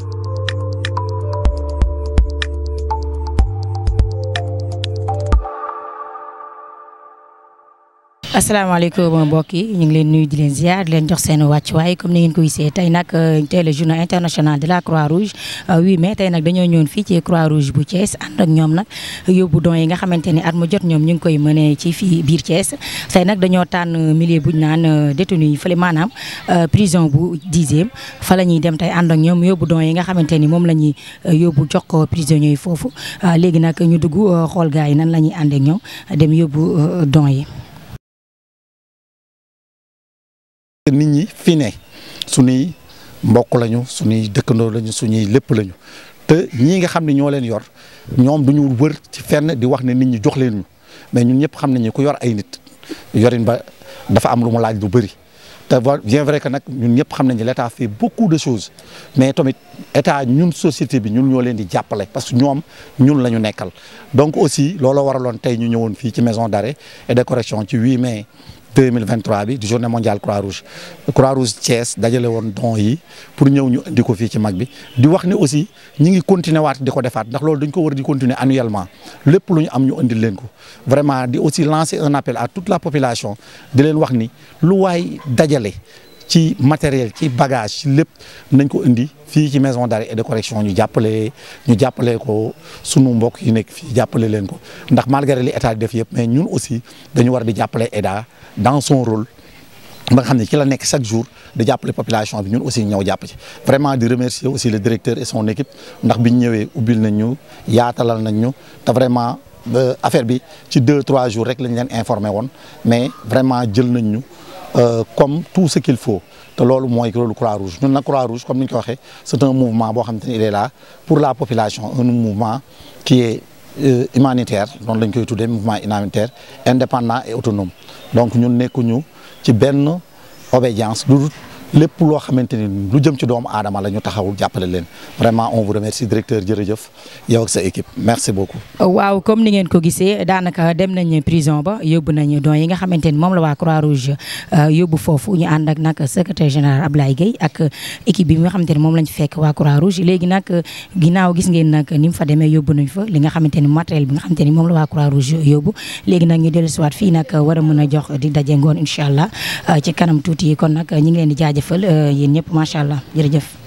Thank you asalaamaaleykum mbokk yi ñu ngi leen nuyu di leen ziar di leen jox seen wàccuwaay comme ni ngeen ko gisee tey nag euh, tey la journée internationale de la croix rouge 8 euh, mai tey nag dañoo ñëwoon fii ci croix rouge bu Thiès ak ñoom nag yóbbu don yi nga xamante ni at mu jot ñoom ñu ngi koy mënee ci fii biir Thiès tey nag dañoo tànn milieu buñ naan euh, détenu yi fële maanaam prison bu dixième fa la ñuy dem tey ànd ak ñoom yóbbu don yi nga xamante ni moom la ñuy yóbbu jox ko prisonniers yi foofu léegi nag ñu dugg xool gars yi nan la ñuy ànd ñoom dem yóbbu don yi nit ñi fi ne suñuy mbokk lañu suñuy dëkkandoo lañu suñuy lépp lañu te ñii nga xam ne ñoo leen yor ñoom du ñu wër ci fenn di wax ne nit ñu jox leen ñu mais ñun ñëpp xam nañu ku yor ay nit yorin ba dafa am lu mu laaj lu bëri. te bien vrai que nag ñun ñëpp xam nañu l'état fait beaucoup de choses mais tamit état ñun société bi ñun ñoo leen di jàppale parce que ñoom ñun la ñu nekkal donc aussi looloo waraloon tey ñu ñëwoon fii ci maison d'arrêt et de correction ci 8 mais 2023 bi di journée mondiale Croix-Rouge Croix-Rouge Thiès dajale woon don yi pour ñëw ñu indi ko fii ci mag bi di wax ne aussi ñi ngi continuer waat di ko defaat ndax loolu dañ ko war di continuer annuellement lépp lu ñu am ñu indil leen ko vraiment di aussi lancer un appel à toute la population di leen wax ni lu waay dajale ci matériel ci bagage ci lépp nañ ko indi fii ci maison d'arrêt et de correction ñu jàppale ñu jàppale ko sunu mbokk yi nekk fii jàppale leen ko ndax malgré li état def yëpp mais ñun aussi dañu war di jàppale EDA dans son rôle ba nga xam ne ci la nekk chaque jour di jàppale population bi ñun aussi ñëw jàpp ci vraiment di remercier aussi le directeur et son équipe ndax biñ ñëwee ubbil nañ ñu yaatalal nañ ñu te vraiment euh, affaire bi ci deux trois jours rek lañ leen informé woon mais vraiment jël nañ ñu Euh, comme tout ce qu'il faut te loolu mooy loolu Croix-Rouge ñun nag Croix-Rouge comme ni ñu ko waxee c'est un mouvement boo xam te ne il est là pour la population un mouvement qui est euh, humanitaire noonu lañ koy tuddee mouvement humanitaire indépendant et autonome donc ñun nekkuñu ci benn obédience lépp loo xamante ni lu jëm ci doomu aadama la ñu taxawul jàppale leen vraiment on vous directeur jërëjëf yow sa équipe merci beaucoup. waaw comme ni ngeen ko gisee daanaka dem nañ prison ba yóbbu nañu don yi nga xamante ni moom la waa Croix Rouge euh, yóbbu foofu ñu ànd ak nag secrétaire général Ablaye Gueye ak bi nga xamante ni moom lañ fekk waa Croix Rouge léegi nag ginnaaw gis ngeen nag ni mu fa demee yóbbu nañ fa li nga xamante ni matériel bi nga xamante ni moom la waa Croix Rouge yóbbu léegi nag ñu dellusiwaat fii nag war a mën a jox di daje ngoon incha allah euh, ci kanam tuuti jaajëfal euh, yéen ñëpp macha allah jërëjëf.